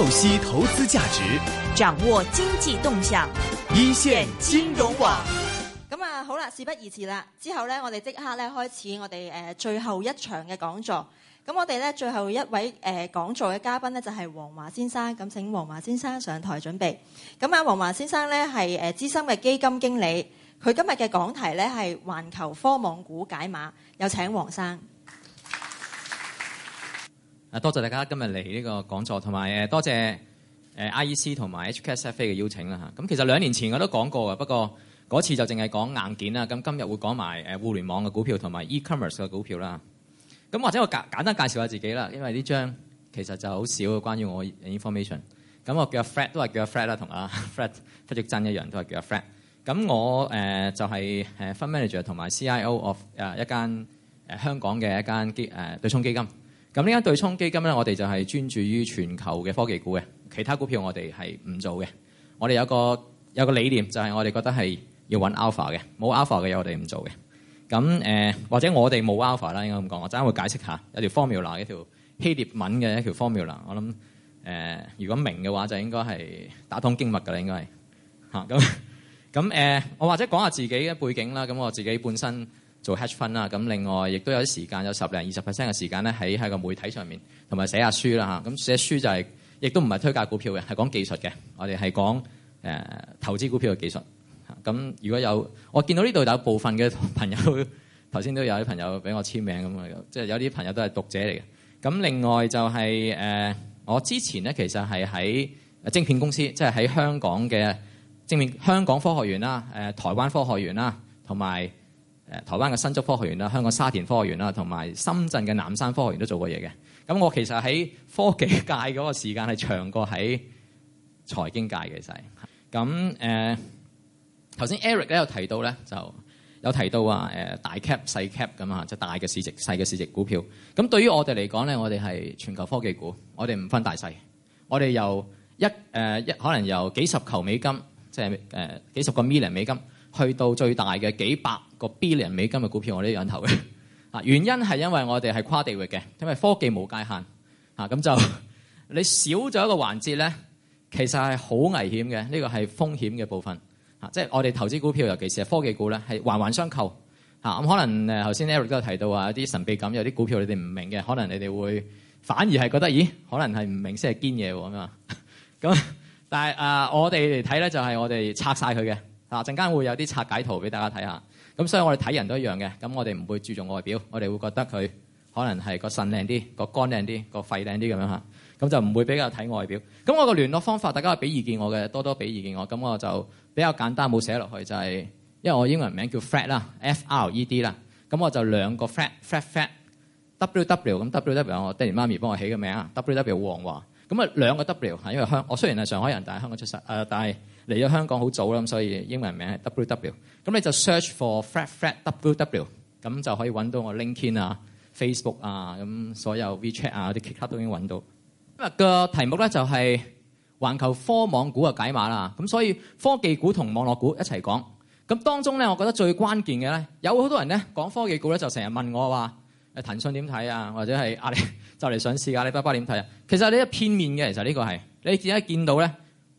透析投資價值，掌握經濟動向，一線金融網。咁啊，好啦，事不宜遲啦，之後咧，我哋即刻咧開始我哋誒、呃、最後一場嘅講座。咁我哋咧最後一位誒、呃、講座嘅嘉賓咧就係、是、王華先生。咁請王華先生上台準備。咁啊，王華先生咧係誒資深嘅基金經理，佢今日嘅講題咧係環球科網股解碼。有請王生。啊，多謝大家今日嚟呢個講座，同埋多謝 I E C 同埋 H K S F A 嘅邀請啦嚇。咁其實兩年前我都講過嘅，不過嗰次就淨係講硬件啦。咁今日會講埋互聯網嘅股票同埋 e-commerce 嘅股票啦。咁或者我簡簡單介紹下自己啦，因為呢張其實就好少關於我 information。咁我叫 Fred，都係叫 Fred 啦，同埋 Fred、Fred 真一樣，都係叫 Fred。咁我就係 fund manager 同埋 C I O of 一間香港嘅一間誒對沖基金。咁呢間對沖基金咧，我哋就係專注於全球嘅科技股嘅，其他股票我哋係唔做嘅。我哋有個有個理念，就係、是、我哋覺得係要揾 alpha 嘅，冇 alpha 嘅嘢我哋唔做嘅。咁誒、呃，或者我哋冇 alpha 啦，應該咁講。我陣間會解釋下，有條 formula，一條 formula，一條希臘文嘅一條 formula。我諗誒，如果明嘅話，就應該係打通經脈㗎啦，應該係嚇。咁咁誒，我或者講下自己嘅背景啦。咁我自己本身。做 hedge fund 啦，咁另外亦都有啲時間，有十零二十 percent 嘅時間咧，喺喺個媒體上面，同埋寫下書啦嚇。咁寫書就係亦都唔係推介股票嘅，係講技術嘅。我哋係講誒、呃、投資股票嘅技術。咁如果有我見到呢度有部分嘅朋友頭先都有啲朋友俾我簽名咁啊，即係有啲朋友都係讀者嚟嘅。咁另外就係、是、誒、呃、我之前咧，其實係喺晶片公司，即係喺香港嘅晶片香港科學園啦，誒、呃、台灣科學園啦，同埋，誒台灣嘅新竹科學園啦，香港沙田科學園啦，同埋深圳嘅南山科學園都做過嘢嘅。咁我其實喺科技界嗰個時間係長過喺財經界嘅，就係咁誒。頭、呃、先 Eric 咧有提到咧，就有提到話誒、呃、大 cap 細 cap 咁啊，即係大嘅市值、細嘅市值股票。咁對於我哋嚟講咧，我哋係全球科技股，我哋唔分大細，我哋由一誒一、呃、可能由幾十球美金，即係誒幾十個 million 美金，去到最大嘅幾百個 billion 美金嘅股票我都有投嘅，啊原因係因為我哋係跨地域嘅，因為科技冇界限，啊咁就你少咗一個環節咧，其實係好危險嘅，呢、這個係風險嘅部分，啊即係我哋投資股票，尤其是係科技股咧，係環環相扣，啊咁可能誒頭先 Eric 都有提到話有啲神秘感，有啲股票你哋唔明嘅，可能你哋會反而係覺得咦，可能係唔明先係堅嘢喎嘛，咁但係啊、呃、我哋嚟睇咧就係我哋拆晒佢嘅，啊陣間會有啲拆解圖俾大家睇下。咁所以我哋睇人都一樣嘅，咁我哋唔會注重外表，我哋會覺得佢可能係個腎靚啲，個肝靚啲，個肺靚啲咁樣嚇，咁就唔會比較睇外表。咁我個聯絡方法，大家係俾意見我嘅，多多俾意見我。咁我就比較簡單冇寫落去，就係、是、因為我英文名叫 Fred 啦，F R E D 啦。咁我就兩個 Fred Fred Fred W W 咁 W W，我爹哋媽咪幫我起個名啊，W W 王華。咁啊兩個 W 嚇，因為香我雖然係上海人，但係香港出世。誒但係。嚟咗香港好早啦，咁所以英文名係 W W。咁你就 search for Fred Fred W W，咁就可以揾到我 LinkedIn 啊、Facebook 啊，咁所有 WeChat 啊嗰啲其他都已經揾到。今日個題目咧就係環球科網股嘅解碼啦。咁所以科技股同網絡股一齊講。咁當中咧，我覺得最關鍵嘅咧，有好多人咧講科技股咧，就成日問我話誒騰訊點睇啊，或者係阿里就嚟上市啊，阿里巴巴點睇啊？其實你一片面嘅，其實呢個係你只係見到咧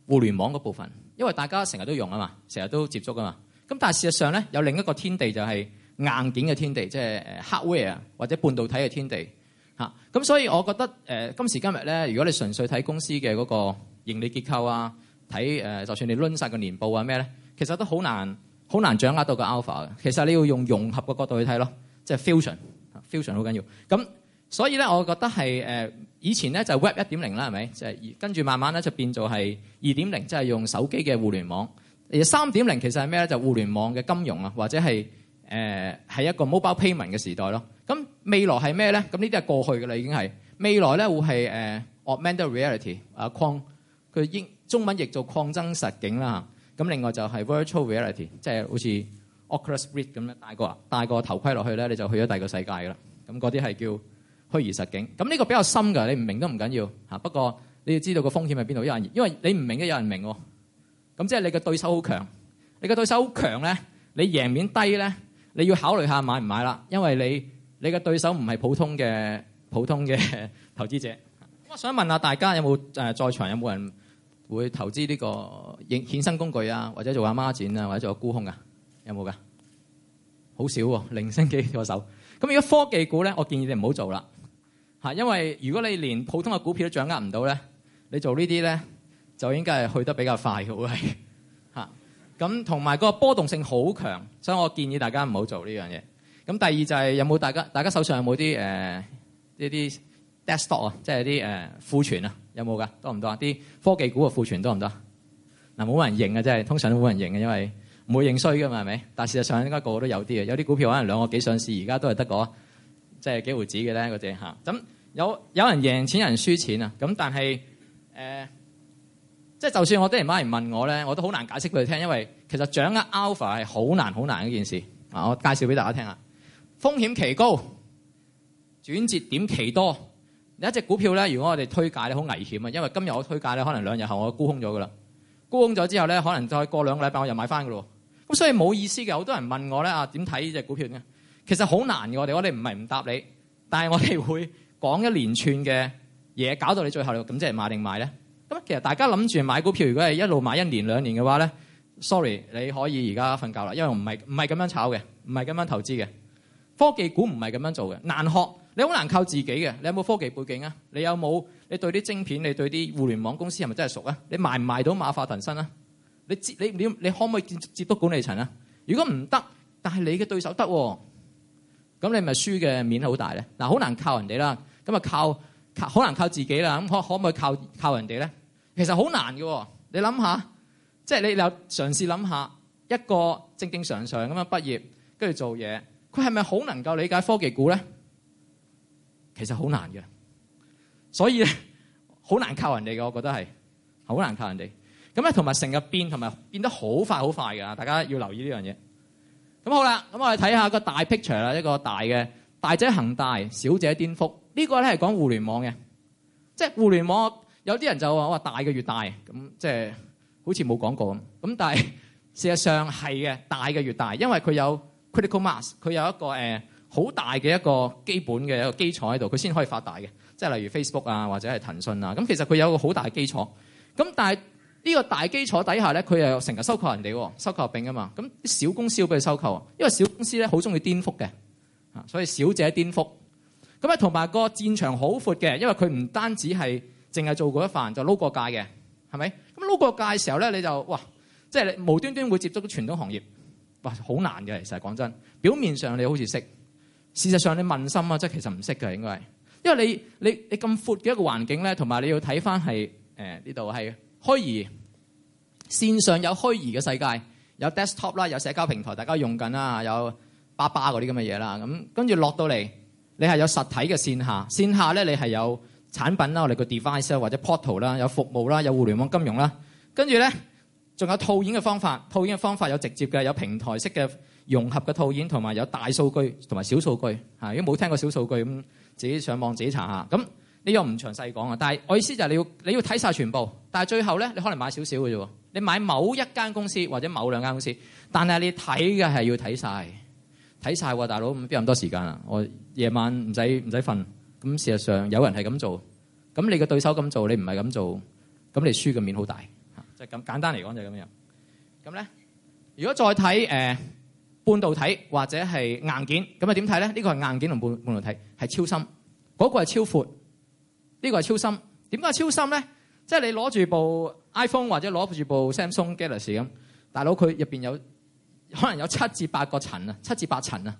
互聯網嗰部分。因為大家成日都用啊嘛，成日都接觸㗎嘛。咁但係事實上咧，有另一個天地就係硬件嘅天地，即係誒 hardware 或者半導體嘅天地嚇。咁所以我覺得誒今時今日咧，如果你純粹睇公司嘅嗰個盈利結構啊，睇就算你輪晒個年報啊咩咧，其實都好難好難掌握到個 alpha 嘅。其實你要用融合嘅角度去睇咯，即係 fusion，fusion 好緊要。咁所以咧，我覺得係以前咧就是 Web 一點零啦，係咪？就係跟住慢慢咧就變做係二點零，即係用手機嘅互聯網。而三點零其實係咩咧？就是、互聯網嘅金融啊，或者係誒喺一個 mobile payment 嘅時代咯。咁未來係咩咧？咁呢啲係過去㗎啦，已經係未來咧會係誒、呃、augmented reality 啊擴佢英中文譯做擴增實境啦。咁另外就係 virtual reality，即係好似 Oculus Rift 咁樣，戴個戴個頭盔落去咧，你就去咗第二個世界㗎啦。咁嗰啲係叫。虛擬實境，咁呢個比較深㗎，你唔明都唔緊要嚇。不過你要知道個風險係邊度，因為因為你唔明都有人明喎。咁即係你嘅對手好強，你嘅對手好強咧，你贏面低咧，你要考慮下買唔買啦。因為你你嘅對手唔係普通嘅普通嘅投資者。我 想問下大家有冇誒在場有冇人會投資呢個衍生工具啊，或者做阿孖展啊，或者做沽空㗎、啊有冇㗎？好少喎、啊，零星幾隻手。咁如果科技股咧，我建議你唔好做啦。嚇，因為如果你連普通嘅股票都掌握唔到咧，你做這些呢啲咧就應該係去得比較快嘅會係嚇。咁同埋個波動性好強，所以我建議大家唔好做呢樣嘢。咁第二就係有冇大家大家手上有冇啲誒呢啲 desktop 啊，呃、desktok, 即係啲誒庫存啊，有冇噶？多唔多啊？啲科技股嘅庫存多唔多？嗱，冇人認嘅，即係，通常都冇人認嘅，因為唔會認衰嘅嘛係咪？但事實上應該個個都有啲啊。有啲股票可能兩個幾上市而家都係得個。即係幾毫子嘅咧嗰隻嚇，咁有有人贏錢，有人輸錢啊！咁但係誒，即、呃、係就算我爹哋媽咪問我咧，我都好難解釋俾佢哋聽，因為其實掌握 alpha 係好難好難嘅一件事。啊，我介紹俾大家聽啊，風險奇高，轉折點奇多。有一隻股票咧，如果我哋推介咧，好危險啊！因為今日我推介咧，可能兩日後我沽空咗噶啦，沽空咗之後咧，可能再過兩個禮拜我又買翻噶咯。咁所以冇意思嘅，好多人問我咧啊，點睇呢隻股票嘅？其實好難嘅，我哋我哋唔係唔答你，但係我哋會講一連串嘅嘢，搞到你最後咁即係買定賣咧？咁其實大家諗住買股票，如果係一路買一年兩年嘅話咧，sorry，你可以而家瞓覺啦，因為唔係唔係咁樣炒嘅，唔係咁樣投資嘅。科技股唔係咁樣做嘅，難學，你好難靠自己嘅。你有冇科技背景啊？你有冇，你對啲晶片？你對啲互聯網公司係咪真係熟啊？你賣唔賣到馬化騰身啊？你接你你你可唔可以接觸管理層啊？如果唔得，但係你嘅對手得喎。咁你咪輸嘅面好大咧？嗱，好難靠人哋啦。咁啊，靠靠，好難靠自己啦。咁可可唔可以靠靠人哋咧？其實好難嘅。你諗下，即係你有嘗試諗下一個正正常常咁樣畢業，跟住做嘢，佢係咪好能夠理解科技股咧？其實好難嘅。所以咧，好難靠人哋嘅，我覺得係好難靠人哋。咁咧，同埋成日變，同埋變得好快好快㗎。大家要留意呢樣嘢。咁好啦，咁我哋睇下個大 picture 啦，一個大嘅，大者恒大，小者顛覆，這個、呢個咧係講互聯網嘅，即係互聯網有啲人就話我話大嘅越大，咁即係好似冇講過咁，咁但係事實上係嘅，大嘅越大，因為佢有 critical mass，佢有一個誒好、呃、大嘅一個基本嘅一個基礎喺度，佢先可以發大嘅，即係例如 Facebook 啊或者係騰訊啊，咁其實佢有個好大嘅基礎，咁但係。呢個大基礎底下咧，佢又成日收購人哋，收購合併啊嘛。咁啲小公司要俾佢收購，因為小公司咧好中意顛覆嘅，啊，所以小姐顛覆。咁啊，同埋個戰場好闊嘅，因為佢唔單止係淨係做嗰一瓣就撈過界嘅，係咪？咁撈過界嘅時候咧，你就哇，即係你無端端會接觸到傳統行業，哇，好難嘅其實講真。表面上你好似識，事實上你問心啊，即係其實唔識嘅應該係，因為你你你咁闊嘅一個環境咧，同埋你要睇翻係誒呢度係虛擬。呃線上有虛擬嘅世界，有 desktop 啦，有社交平台，大家用緊啦，有巴巴嗰啲咁嘅嘢啦。咁跟住落到嚟，你係有實體嘅線下線下咧，你係有產品啦，我哋個 device 啦，或者 portal 啦，有服務啦，有互聯網金融啦。跟住咧，仲有套現嘅方法，套現嘅方法有直接嘅，有平台式嘅融合嘅套現，同埋有大數據同埋小數據嚇。如果冇聽過小數據咁，自己上網自己查下。咁，呢個唔詳細講啊。但係我意思就係你要你要睇晒全部，但係最後咧，你可能買少少嘅啫喎。你買某一間公司或者某兩間公司，但係你睇嘅係要睇晒。睇晒喎，大佬邊有咁多時間啊？我夜晚唔使唔使瞓，咁事實上有人係咁做，咁你嘅對手咁做，你唔係咁做，咁你輸嘅面好大。即係咁簡單嚟講就係咁樣。咁咧，如果再睇誒半導體或者係硬件，咁啊點睇咧？呢個係硬件同半半導體係超深，嗰個係超闊，呢個係超深。點解超深咧？即係你攞住部 iPhone 或者攞住部 Samsung Galaxy 咁，大佬佢入面有可能有七至八個層啊，七至八層啊。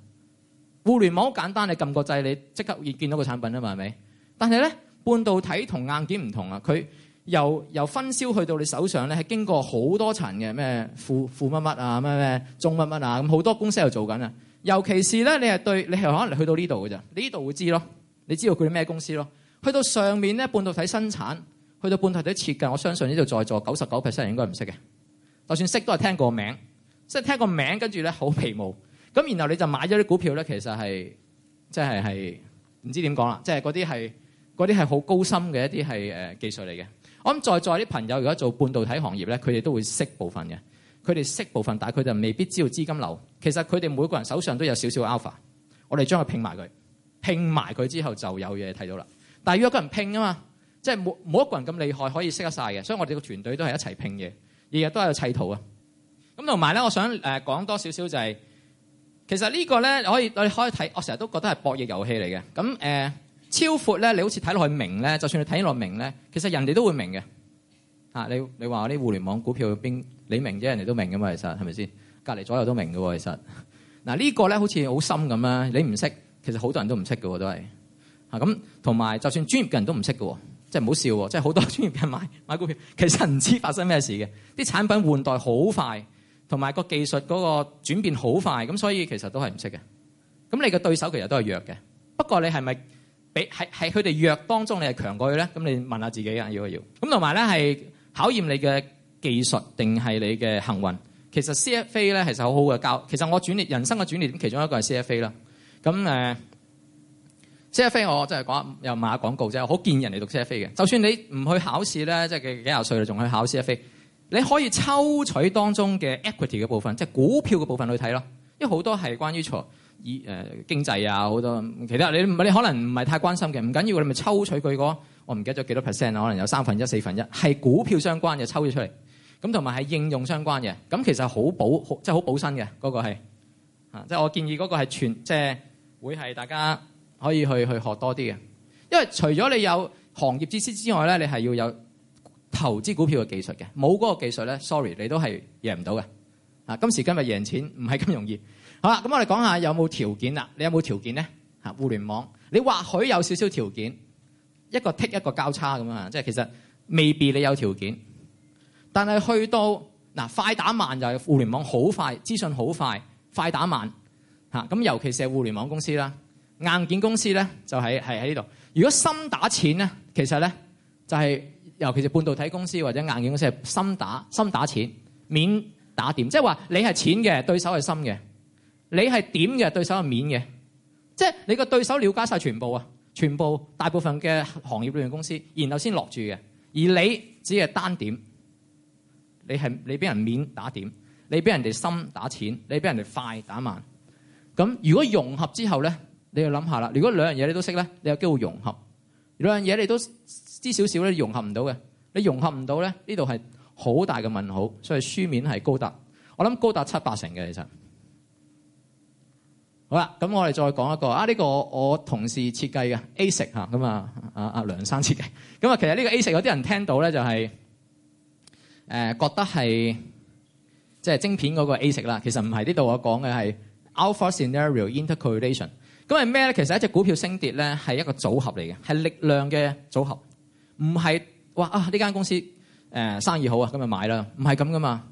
互聯網好簡單，你撳個掣，你即刻會見到個產品啊嘛，係咪？但係咧，半導體同硬件唔同啊。佢由由分銷去到你手上咧，係經過好多層嘅咩副副乜乜啊，咩咩中乜乜啊，咁好多公司喺度做緊啊。尤其是咧，你係對你係可能去到呢度嘅咋。呢度會知咯。你知道佢啲咩公司咯？去到上面咧，半導體生產。去到半導體設計，我相信呢度在座九十九 percent 應該唔識嘅。就算識都係聽個名，即係聽個名跟住咧，好皮毛。咁然後你就買咗啲股票咧，其實係即係係唔知點講啦，即係嗰啲係嗰啲係好高深嘅一啲係、呃、技術嚟嘅。我諗在座啲朋友如果做半導體行業咧，佢哋都會識部分嘅，佢哋識部分，但係佢就未必知道資金流。其實佢哋每個人手上都有少少 alpha，我哋將佢拼埋佢，拼埋佢之後就有嘢睇到啦。但係如果個人拼啊嘛。即係冇冇一個人咁厲害可以識得晒嘅，所以我哋個團隊都係一齊拼嘅，日日都喺度砌圖啊。咁同埋咧，我想誒、呃、講多少少就係、是、其實個呢個咧可以你可以睇，我成日都覺得係博弈遊戲嚟嘅。咁誒、呃、超闊咧，你好似睇落去明咧，就算你睇落明咧，其實人哋都會明嘅嚇、啊。你你話我啲互聯網股票邊你明啫？人哋都明噶嘛？其實係咪先？隔離左右都明嘅喎，其實。嗱、啊這個、呢個咧好似好深咁啦。你唔識其實好多人都唔識嘅喎，都係嚇咁，同埋就算專業嘅人都唔識嘅喎。即係唔好笑喎！即係好多專業人買，買股票，其實唔知發生咩事嘅。啲產品換代好快，同埋個技術嗰個轉變好快，咁所以其實都係唔識嘅。咁你嘅對手其實都係弱嘅，不過你係咪俾喺佢哋弱當中你係強過佢咧？咁你問下自己啊，要唔要？咁同埋咧係考驗你嘅技術定係你嘅幸運？其實 CFA 咧其實好好嘅教。其實我轉捩人生嘅轉捩其中一個係 CFA 啦。咁、呃、誒。CFA 我真係講又賣下廣告啫，好見人哋讀 CFA 嘅。就算你唔去考試咧，即係幾幾廿歲你仲去考 CFA，你可以抽取當中嘅 equity 嘅部分，即係股票嘅部分去睇咯。因為好多係關於財以誒經濟啊，好多其他你你可能唔係太關心嘅，唔緊要，你咪抽取佢個。我唔記得咗幾多 percent 可能有三分一四分一係股票相關嘅抽咗出嚟咁，同埋係應用相關嘅。咁其實好保即係好保身嘅嗰個係即係我建議嗰個係全即係會係大家。可以去去學多啲嘅，因為除咗你有行業知識之外咧，你係要有投資股票嘅技術嘅。冇嗰個技術咧，sorry，你都係贏唔到嘅。吓，今時今日贏錢唔係咁容易。好啦，咁我哋講下有冇條件啦。你有冇條件咧？吓，互聯網你或許有少少條件，一個 tick 一個交叉咁樣，即係其實未必你有條件，但係去到嗱、啊、快打慢就係互聯網好快資訊好快，快打慢吓咁，尤其是係互聯網公司啦。硬件公司咧就係係喺呢度。如果深打淺咧，其實咧就係尤其是半導體公司或者硬件公司係深打深打淺，面打點，即係話你係淺嘅對手係深嘅，你係點嘅對手係面嘅，即係你個對手了解曬全部啊，全部大部分嘅行業類型公司，然後先落注嘅。而你只係單點，你係你俾人面打點，你俾人哋深打淺，你俾人哋快打慢咁。如果融合之後咧。你要諗下啦。如果兩樣嘢你都識咧，你有機會融合兩樣嘢。你都知少少咧，融合唔到嘅。你融合唔到咧，呢度係好大嘅問號，所以書面係高達，我諗高達七八成嘅其實好啦。咁我哋再講一個啊，呢、這個我同事設計嘅 ASIC 嚇咁啊，阿、啊、阿梁生設計咁啊。其實呢個 ASIC 有啲人聽到咧就係、是、誒、呃、覺得係即係晶片嗰個 ASIC 啦。其實唔係，呢度我講嘅係 Alpha Scenario Inter-Correlation。咁係咩咧？其實一隻股票升跌咧係一個組合嚟嘅，係力量嘅組合，唔係哇啊呢間公司誒、呃、生意好啊，咁咪買啦，唔係咁噶嘛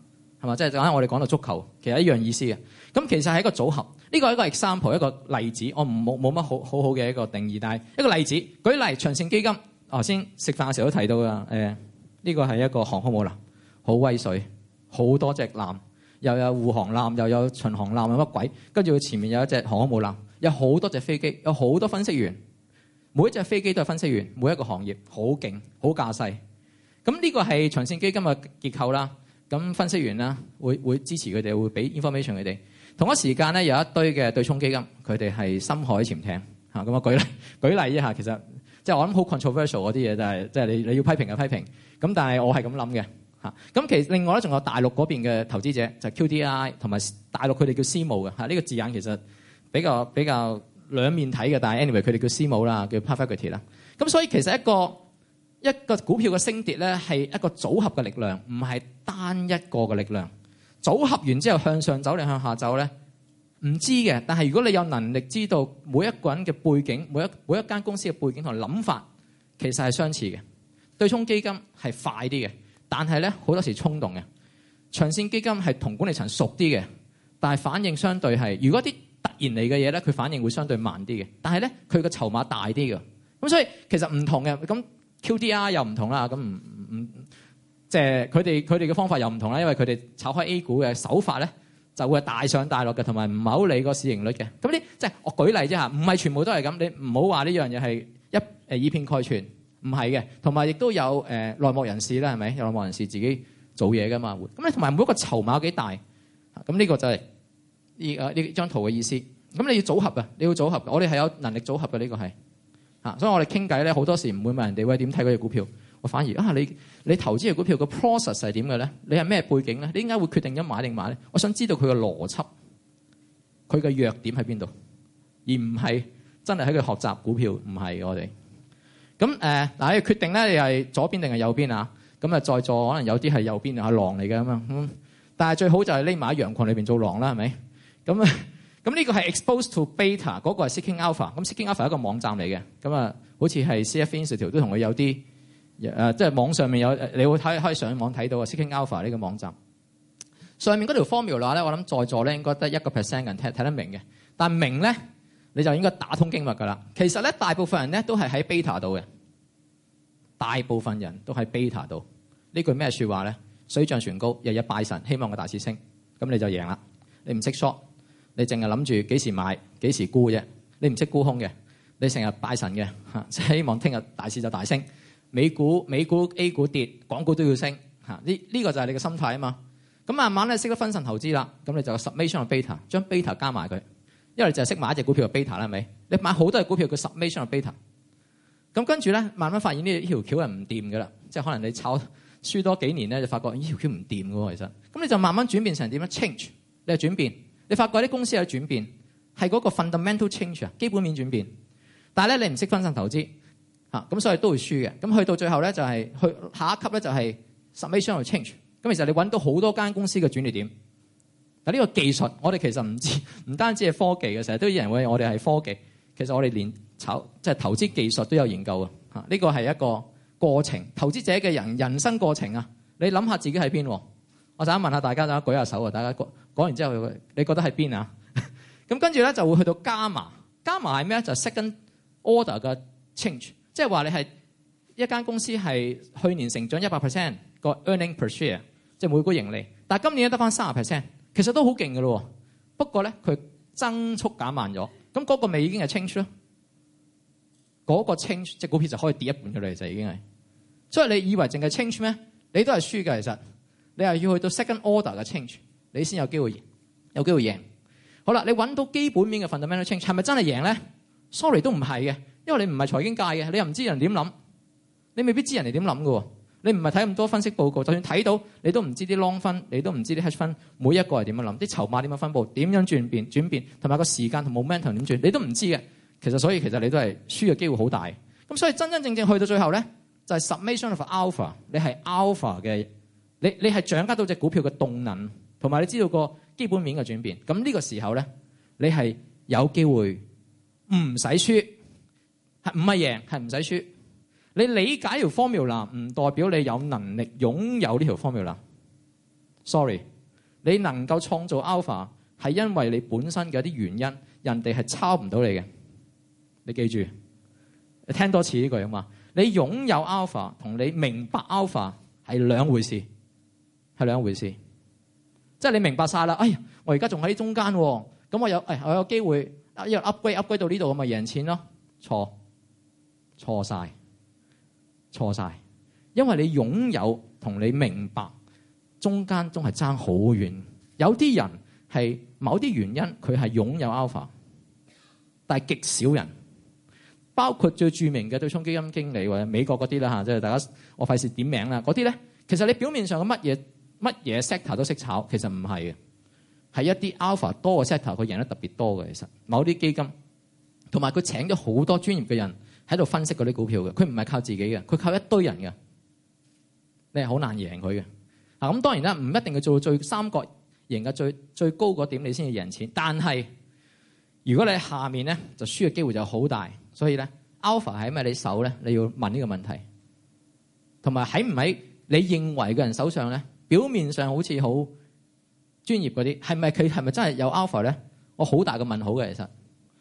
係嘛？即係、就是、我哋講到足球，其實一樣意思嘅。咁其實係一個組合，呢、這個一個 example 一個例子，我唔冇冇乜好好好嘅一個定義，但係一個例子舉例長盛基金，頭先食飯嘅時候都提到噶呢、呃這個係一個航空母艦，好威水，好多隻艦，又有護航艦，又有巡航艦，又有乜鬼？跟住佢前面有一隻航空母艦。有好多隻飛機，有好多分析員，每隻飛機都係分析員，每一個行業好勁，好架勢。咁呢個係長線基金嘅結構啦。咁分析員啦，會會支持佢哋，會俾 information 佢哋。同一時間咧，有一堆嘅對沖基金，佢哋係深海潛艇嚇。咁我舉例舉例一下，其實即係我諗好 controversial 嗰啲嘢，就係即係你你要批評就批評。咁但係我係咁諗嘅嚇。咁其實另外咧仲有大陸嗰邊嘅投資者，就係 QDII 同埋大陸佢哋叫私募嘅嚇。呢個字眼其實。比較比較兩面睇嘅，但係 anyway 佢哋叫私募啦，叫 perfectity 啦。咁所以其實一個一個股票嘅升跌咧，係一個組合嘅力量，唔係單一個嘅力量。組合完之後向上走定向下走咧，唔知嘅。但係如果你有能力知道每一個人嘅背景，每一個每一間公司嘅背景同諗法，其實係相似嘅。對沖基金係快啲嘅，但係咧，好多時候衝動嘅，長線基金係同管理層熟啲嘅，但係反應相對係如果啲。突然嚟嘅嘢咧，佢反應會相對慢啲嘅。但係咧，佢個籌碼大啲嘅。咁所以其實唔同嘅。咁 QDR 又唔同啦。咁唔唔即係佢哋佢哋嘅方法又唔同啦。因為佢哋炒開 A 股嘅手法咧，就會係大上大落嘅，同埋唔係好理個市盈率嘅。咁啲即係我舉例啫嚇，唔係全部都係咁。你唔好話呢樣嘢係一誒以偏概全，唔係嘅。同埋亦都有誒、呃、內幕人士啦，係咪？有內幕人士自己做嘢㗎嘛？咁你同埋每一個籌碼幾大？咁呢個就係、是。呢呢張圖嘅意思，咁你要組合㗎，你要組合。我哋係有能力組合嘅，呢個係，所以我哋傾偈咧好多時唔會問人哋喂，點睇佢隻股票，我反而啊，你你投資嘅股票嘅 process 係點嘅咧？你係咩背景咧？你點解會決定咗買定買咧？我想知道佢嘅邏輯，佢嘅弱點喺邊度，而唔係真係喺佢學習股票唔係我哋。咁誒，嗱，你、呃、決定咧你係左邊定係右邊啊？咁啊在座可能有啲係右邊啊，狼嚟嘅咁樣，嗯，但係最好就係匿埋喺羊群裏面做狼啦，係咪？咁啊，咁呢個係 exposed to beta，嗰個係 seeking alpha。咁 seeking alpha 一個網站嚟嘅，咁啊，好似係 CF Institute 都同佢有啲，即、呃、係、就是、網上面有，你會睇可以上網睇到啊。seeking alpha 呢個網站上面嗰條 formula 咧，我諗在座咧應該得一個 percent 人睇睇得明嘅，但明咧你就應該打通經脈噶啦。其實咧大部分人咧都係喺 beta 度嘅，大部分人都喺 beta 度。句呢句咩説話咧？水漲船高，日日拜神，希望個大市升，咁你就贏啦。你唔識 short。你淨係諗住幾時買幾時沽啫？你唔識沽空嘅，你成日拜神嘅嚇，希望聽日大市就大升。美股美股 A 股跌，港股都要升嚇。呢呢、呢個就係你嘅心態啊嘛。咁慢慢咧識得分散投資啦，咁你就 summation of beta 將 beta 加埋佢，因為就係識買一隻股票嘅 beta 啦，係咪？你買好多隻股票，佢 summation of beta。咁跟住咧，慢慢發現呢條橋係唔掂嘅啦，即係可能你炒輸多幾年咧，就發覺呢條橋唔掂嘅喎。其實咁你就慢慢轉變成點樣？Change 你係轉變。你發覺啲公司有轉變，係嗰個 fundamental change 啊，基本面轉變。但係咧，你唔識分散投資，嚇，咁所以都會輸嘅。咁去到最後咧、就是，就係去下一級咧，就係 emotional change。咁其實你揾到好多間公司嘅轉捩點。嗱，呢個技術我哋其實唔知，唔單止係科技嘅，成日都有人話我哋係科技。其實我哋連炒即係投資技術都有研究啊！嚇，呢個係一個過程，投資者嘅人人生過程啊。你諗下自己喺邊？我想問問下大家，大家舉下手啊，大家。講完之後，你覺得係邊啊？咁跟住咧就會去到加馬加馬係咩咧？就係、second order 嘅 change，即係話你係一間公司係去年成長一百 percent 個 earning per share，即係每股盈利，但係今年得翻三十 percent，其實都好勁嘅咯。不過咧佢增速減慢咗，咁嗰個咪已經係 change 咯。嗰、嗰個 change 即係股票就可以跌一半嘅啦，就已經係。所以你以為淨係 change 咩？你都係輸嘅。其實你係要去到 second order 嘅 change。你先有機會贏，有機會贏。好啦，你揾到基本面嘅 fundamental change 係咪真係贏咧？Sorry 都唔係嘅，因為你唔係財經界嘅，你又唔知人點諗，你未必知人哋點諗嘅。你唔係睇咁多分析報告，就算睇到你都唔知啲 long fund，你都唔知啲 hedge fund，每一個係點樣諗，啲籌碼點樣分佈，點樣轉變轉變，同埋個時間同 momentum 點轉，你都唔知嘅。其實所以其實你都係輸嘅機會好大。咁所以真真正正正去到最後咧，就係、是、summation of alpha, 你 alpha。你係 alpha 嘅，你你係掌握到隻股票嘅動能。同埋，你知道個基本面嘅轉變，咁呢個時候咧，你係有機會唔使輸，係唔係贏係唔使輸。你理解條 formula 唔代表你有能力擁有呢條 formula。Sorry，你能夠創造 Alpha 係因為你本身嘅一啲原因，人哋係抄唔到你嘅。你記住，你聽多次呢句啊嘛。你擁有 Alpha 同你明白 Alpha 係兩回事，係兩回事。即係你明白晒啦，哎呀，我而家仲喺中間喎、哦，咁我有，誒、哎，我有機會，因為 upgrade upgrade 到呢度，我咪贏錢咯，錯，錯晒，錯晒！因為你擁有同你明白中間仲係爭好遠，有啲人係某啲原因佢係擁有 alpha，但係極少人，包括最著名嘅對沖基金經理或者美國嗰啲啦吓，即係大家，我費事點名啦，嗰啲咧，其實你表面上嘅乜嘢？乜嘢 sector 都識炒，其實唔係嘅，係一啲 alpha 多嘅 sector，佢贏得特別多嘅。其實某啲基金同埋佢請咗好多專業嘅人喺度分析嗰啲股票嘅，佢唔係靠自己嘅，佢靠一堆人嘅，你係好難贏佢嘅嗱。咁當然啦，唔一定要做到最三角贏嘅最最高嗰點，你先至贏錢。但係如果你喺下面咧就輸嘅機會就好大，所以咧 alpha 喺咪你手咧，你要問呢個問題，同埋喺唔喺你認為嘅人手上咧？表面上好似好專業嗰啲，係咪佢係咪真係有 alpha 咧？我好大嘅問號嘅其實，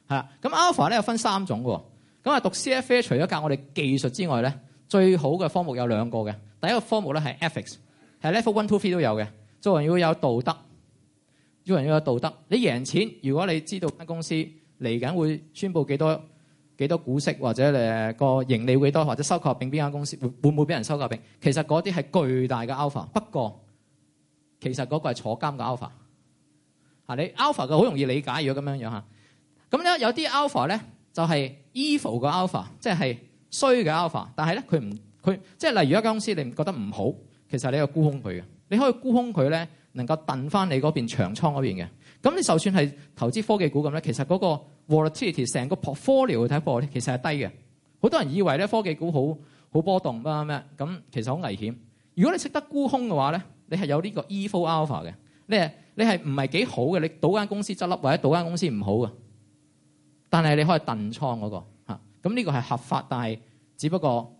係啦咁 alpha 咧有分三種喎。咁啊讀 CFA 除咗教我哋技術之外咧，最好嘅科目有兩個嘅。第一個科目咧係 ethics，係 level one two three 都有嘅。做人要有道德，做人要有道德。你贏錢，如果你知道間公司嚟緊會宣布幾多幾多股息或者誒個盈利會幾多，或者收購並邊間公司會會唔會俾人收購並？其實嗰啲係巨大嘅 alpha，不過其實嗰個係坐監嘅 alpha。嚇你 alpha 嘅好容易理解，如果咁樣樣嚇，咁咧有啲 alpha 咧就係、是、evil 嘅 alpha，即係衰嘅 alpha 但。但係咧佢唔佢即係例如一間公司你唔覺得唔好，其實你係沽空佢嘅，你可以沽空佢咧能夠掟翻你嗰邊長倉嗰邊嘅。咁你就算係投資科技股咁咧，其實嗰個 volatility 成個 portfolio 睇落咧，其實係低嘅。好多人以為咧科技股好好波動啊咩？咁其實好危險。如果你識得沽空嘅話咧，你係有呢個 Evo Alpha 嘅。你係唔係幾好嘅？你賭間公司執笠，或者賭間公司唔好嘅，但係你可以燉倉嗰、嗰個嚇。咁呢個係合法，但係只不過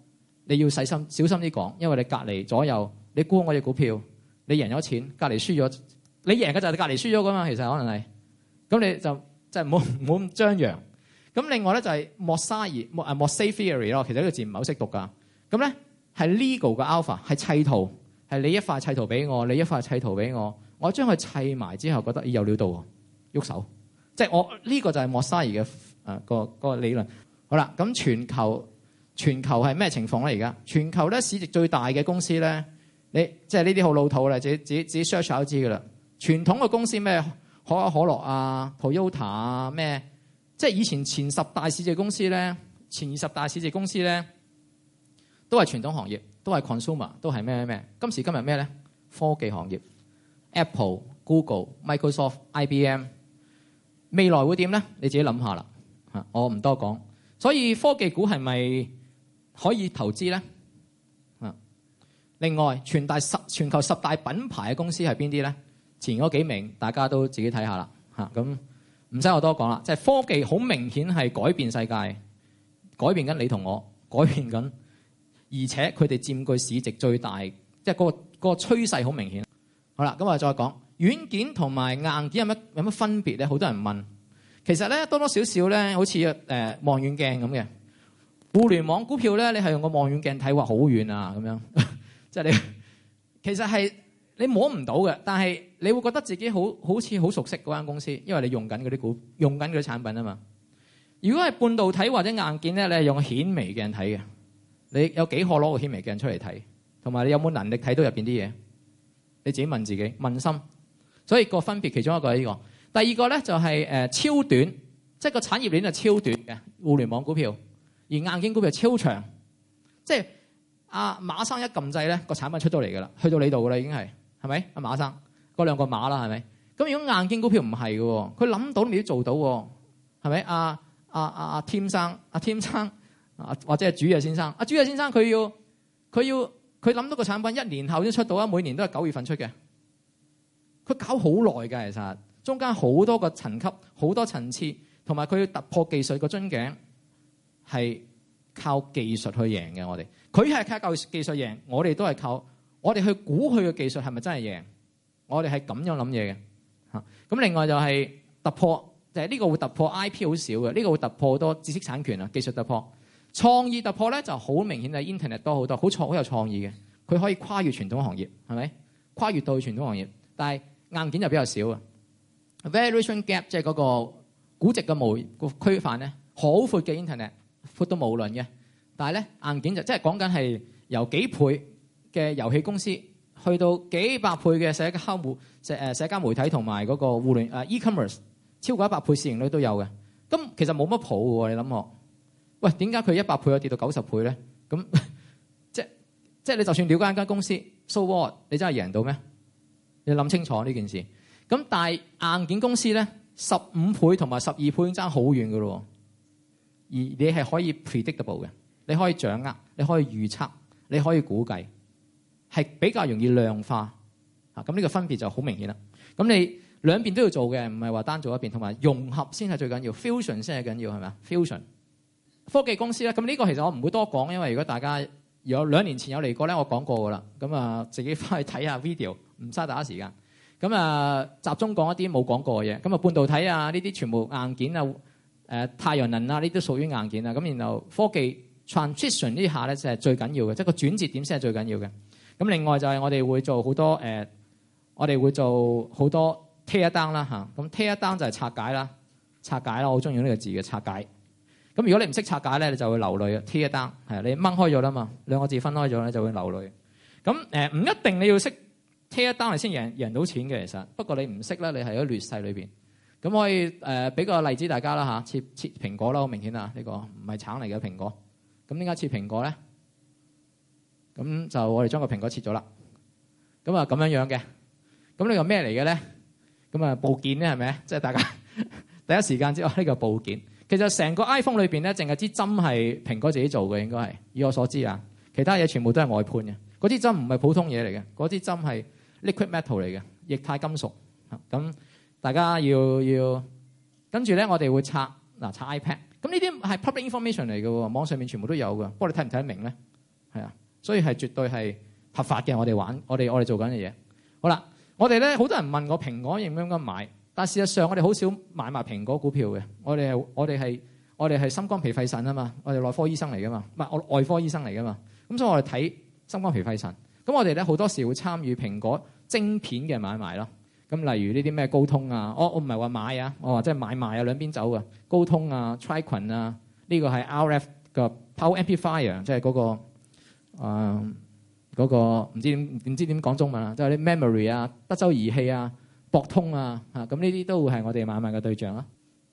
你要細心小心啲講，因為你隔離左右，你沽空我隻股票，你贏咗錢，隔離輸咗。你贏嘅就係隔離輸咗噶嘛。其實可能係咁，你就即係唔好咁張揚咁。另外咧就係、是、莫沙爾、啊、莫誒莫西，theory 咯。其實呢個字唔係好識讀㗎。咁咧係 legal 嘅 alpha 係砌圖，係你一塊砌圖俾我，你一塊砌圖俾我，我將佢砌埋之後覺得、哎、有料到喎。喐手即係我呢、這個就係莫沙爾嘅誒個個理論好啦，咁全球全球係咩情況咧？而家全球咧市值最大嘅公司咧，你即係呢啲好老土啦，自己自己自己 search 都知㗎啦。傳統嘅公司咩可口可樂啊、Toyota 啊，咩即係以前前十大市值公司咧，前二十大市值公司咧，都係傳統行業，都係 consumer，都係咩咩。今時今日咩咧？科技行業，Apple、Google、Microsoft、IBM，未來會點咧？你自己諗下啦。嚇，我唔多講。所以科技股係咪可以投資咧？啊，另外，全大十全球十大品牌嘅公司係邊啲咧？前嗰幾名，大家都自己睇下啦嚇。咁唔使我多講啦，即係科技好明顯係改變世界，改變緊你同我，改變緊，而且佢哋佔據市值最大，即係個個趨勢好明顯。好啦，咁我再講軟件同埋硬件有乜有乜分別咧？好多人問，其實咧多多少少咧，好似誒望遠鏡咁嘅。互聯網股票咧，你係用個望遠鏡睇話好遠啊，咁樣即係你其實係你摸唔到嘅，但係，你會覺得自己好好似好熟悉嗰間公司，因為你用緊嗰啲股、用緊嗰啲產品啊嘛。如果係半導體或者硬件咧，你係用顯微鏡睇嘅。你有幾可攞個顯微鏡出嚟睇，同埋你有冇能力睇到入邊啲嘢？你自己問自己，問心。所以個分別其中一個係呢個，第二個咧就係誒超短，即係個產業鏈就超短嘅互聯網股票，而硬件股票超長，即係阿馬生一撳掣咧個產品出到嚟噶啦，去到你度噶啦已經係，係咪阿馬生？嗰兩個碼啦，係咪咁？如果硬件股票唔係嘅，佢諗到你都做到係咪？阿啊啊阿添、啊、生，阿添生，或者係主毅先生，阿、啊、主嘢先生佢要佢要佢諗到個產品一年後先出到啊！每年都係九月份出嘅，佢搞好耐㗎。其實中間好多個層級，好多層次，同埋佢要突破技術個樽頸，係靠技術去贏嘅。我哋佢係靠技術贏，我哋都係靠我哋去估佢嘅技術係咪真係贏？我哋係咁樣諗嘢嘅吓，咁另外就係突破，誒、就係呢個會突破 IP 好少嘅，呢個會突破好多知識產權啊、技術突破、創意突破咧，就好明顯係 Internet 多好多，好創好有創意嘅，佢可以跨越傳統行業，係咪跨越到去傳統行業？但係硬件就比較少啊。Mm-hmm. Valuation gap 即係嗰個估值嘅無個區範咧，好闊嘅 Internet 闊到無論嘅，但係咧硬件就即係講緊係由幾倍嘅遊戲公司。去到幾百倍嘅社交媒社誒社交媒體同埋嗰個互聯誒 e-commerce 超過一百倍市盈率都有嘅，咁其實冇乜譜喎，你諗我？喂，點解佢一百倍又跌到九十倍咧？咁即即你就算了解一間公司，So what？你真係贏到咩？你諗清楚呢件事。咁但係硬件公司咧，十五倍同埋十二倍已經爭好遠㗎咯。而你係可以 predictable 嘅，你可以掌握，你可以預測，你可以估計。係比較容易量化嚇，咁呢個分別就好明顯啦。咁你兩邊都要做嘅，唔係話單做一邊，同埋融合先係最緊要，Fusion 先係緊要係咪啊？Fusion 科技公司咧，咁呢個其實我唔會多講，因為如果大家有兩年前有嚟過咧，我講過噶啦。咁啊，自己翻去睇下 video，唔嘥大家時間。咁啊，集中講一啲冇講過嘅嘢。咁啊，半導體啊，呢啲全部硬件啊，誒、呃、太陽能啊，呢啲都屬於硬件啊。咁然後科技 transition 這一下呢下咧，就係、是、最緊要嘅，即、就、係、是、個轉折點先係最緊要嘅。咁另外就係我哋會做好多誒、呃，我哋會做好多 tear down 啦嚇，咁 tear down 就係拆解啦，拆解啦，我好中意呢個字嘅拆解。咁如果你唔識拆解咧，你就會流淚嘅。tear down 係你掹開咗啦嘛，兩個字分開咗咧就會流淚。咁誒唔一定你要識 tear down 嚟先贏贏到錢嘅其實，不過你唔識咧，你係喺劣勢裏面。咁可以誒俾、呃、個例子大家啦嚇，切切蘋果啦，好明顯啊呢個唔係橙嚟嘅蘋果。咁點解切蘋果咧？咁就我哋將個蘋果切咗啦。咁啊，咁樣樣嘅咁你個咩嚟嘅咧？咁啊，部件咧係咪？即係、就是、大家呵呵第一時間知道呢個部件。其實成個 iPhone 裏邊咧，淨係支針係蘋果自己做嘅，應該係以我所知啊。其他嘢全部都係外判嘅。嗰支針唔係普通嘢嚟嘅，嗰支針係 Liquid Metal 嚟嘅液態金屬。咁大家要要跟住咧，我哋會拆嗱拆 iPad。咁呢啲係 public information 嚟嘅喎，網上面全部都有嘅。不過你睇唔睇得明咧？係啊。所以係絕對係合法嘅。我哋玩，我哋我哋做緊嘅嘢好啦。我哋咧好多人問我蘋果應唔應該買？但事實上我哋好少買埋蘋果股票嘅。我哋係我哋係我哋係心肝脾肺腎啊嘛。我哋內科醫生嚟噶嘛，唔係我外科醫生嚟噶嘛。咁所以我哋睇心肝脾肺腎。咁我哋咧好多時會參與蘋果晶片嘅買賣咯。咁例如呢啲咩高通啊，哦、我我唔係話買啊，我話即係買賣有兩邊走嘅高通啊、TriQuint 啊，呢、呢個係 R.F. 嘅 Power Amplifier，即係嗰個。啊、嗯，嗰、那個唔知點點知點講中文啊，即係啲 memory 啊、德州儀器啊、博通啊嚇，咁呢啲都係我哋買賣嘅對象啦。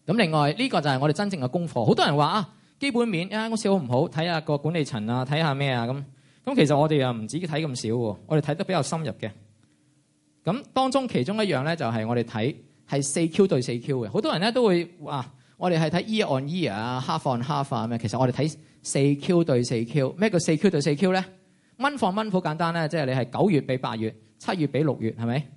咁另外呢、這個就係我哋真正嘅功課。好多人話啊，基本面啊，好似好唔好？睇下個管理層啊，睇下咩啊咁。咁、啊啊、其實我哋又唔止睇咁少，我哋睇得比較深入嘅。咁、啊、當中其中一樣咧，就係、是、我哋睇係四 Q 對四 Q 嘅。好多人咧都會話，我哋係睇 year on year 啊、half on half 咩、啊？其實我哋睇。四 Q 對四 Q，咩叫四 Q 對四 Q 咧？Month on Month 好簡單咧，即係你係九月比八月，七月比六月，係咪？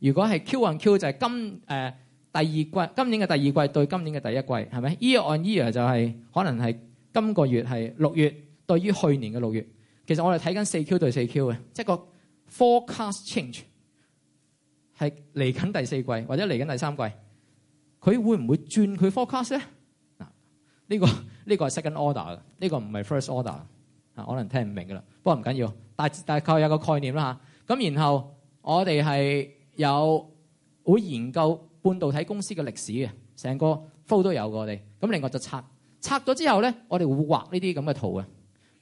如果係 Q on Q 就係今誒第二季，今年嘅第二季對今年嘅第一季，係咪？Year on year 就係可能係今個月係六月對於去年嘅六月。其實我哋睇緊四 Q 對四 Q 嘅，即係個 forecast change 係嚟緊第四季或者嚟緊第三季，佢會唔會轉佢 forecast 咧？嗱，呢個。呢個係 second order 嘅，呢個唔係 first order 啊！可能聽唔明㗎啦，不過唔緊要，大大概有個概念啦吓，咁然後我哋係有會研究半導體公司嘅歷史嘅，成個 flow 都有嘅我哋。咁另外就拆拆咗之後咧，我哋會畫呢啲咁嘅圖嘅。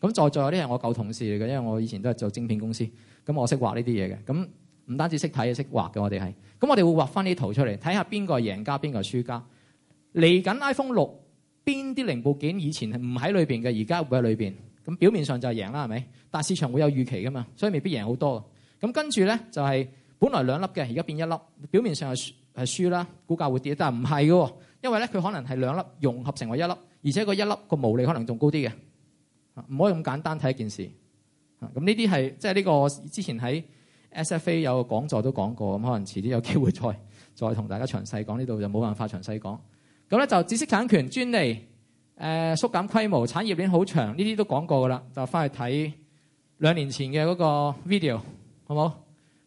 咁再再有啲係我舊同事嚟嘅，因為我以前都係做晶片公司，咁我識畫呢啲嘢嘅。咁唔單止識睇，識畫嘅我哋係。咁我哋會畫翻啲圖出嚟，睇下邊個係贏家，邊個係輸家。嚟緊 iPhone 六。邊啲零部件以前係唔喺裏邊嘅，而家會喺裏邊。咁表面上就係贏啦，係咪？但市場會有預期噶嘛，所以未必贏好多。咁跟住咧就係、是、本來兩粒嘅，而家變一粒。表面上係係輸啦，股價會跌，但係唔係噶。因為咧佢可能係兩粒融合成為一粒，而且個一粒個毛利可能仲高啲嘅。唔可以咁簡單睇一件事。咁呢啲係即係呢個之前喺 SFA 有個講座都講過，咁可能遲啲有機會再再同大家詳細講。呢度就冇辦法詳細講。咁咧就知識產權專利，誒、呃、縮減規模，產業鏈好長，呢啲都講過噶啦。就翻去睇兩年前嘅嗰個 video，好冇？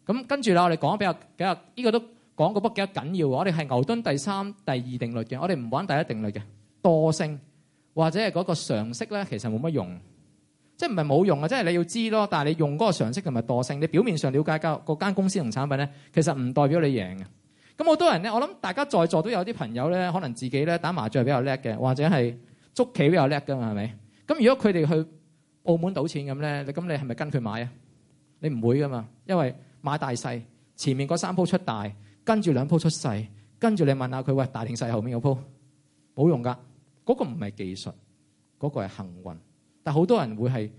咁跟住啦，我哋講比較幾多？呢個都講個不幾緊要。我哋係牛頓第三、第二定律嘅，我哋唔玩第一定律嘅。惰性或者係嗰個常識咧，其實冇乜用。即係唔係冇用啊？即係你要知咯，但係你用嗰個常識同埋惰性，你表面上了解間嗰間公司同產品咧，其實唔代表你贏嘅。咁好多人咧，我諗大家在座都有啲朋友咧，可能自己咧打麻雀係比較叻嘅，或者係捉棋比較叻噶嘛，係咪？咁如果佢哋去澳門賭錢咁咧，你咁你係咪跟佢買啊？你唔會噶嘛，因為買大細前面嗰三鋪出大，跟住兩鋪出細，跟住你問下佢喂，大定細後面嗰鋪，冇用噶，嗰個唔係技術，嗰個係幸運。但係好多人會係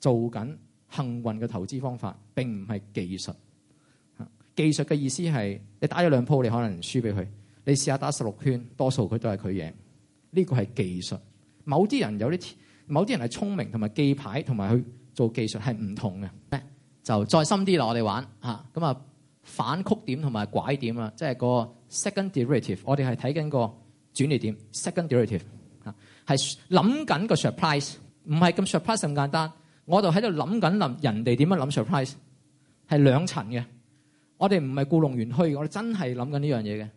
做緊幸運嘅投資方法，並唔係技術。技術嘅意思係你打咗兩鋪，你可能輸俾佢。你試下打十六圈，多數佢都係佢贏。呢個係技術。某啲人有啲某啲人係聰明，同埋記牌，同埋去做技術係唔同嘅。就再深啲嚟，我哋玩吓咁啊，反曲點同埋拐點啊，即係個 second derivative 我個。我哋係睇緊個轉捩點 second derivative 啊，係諗緊個 surprise，唔係咁 surprise 咁簡單。我就喺度諗緊人哋點樣諗 surprise，係兩層嘅。我哋唔係故弄玄虛，我哋真係諗緊呢樣嘢嘅。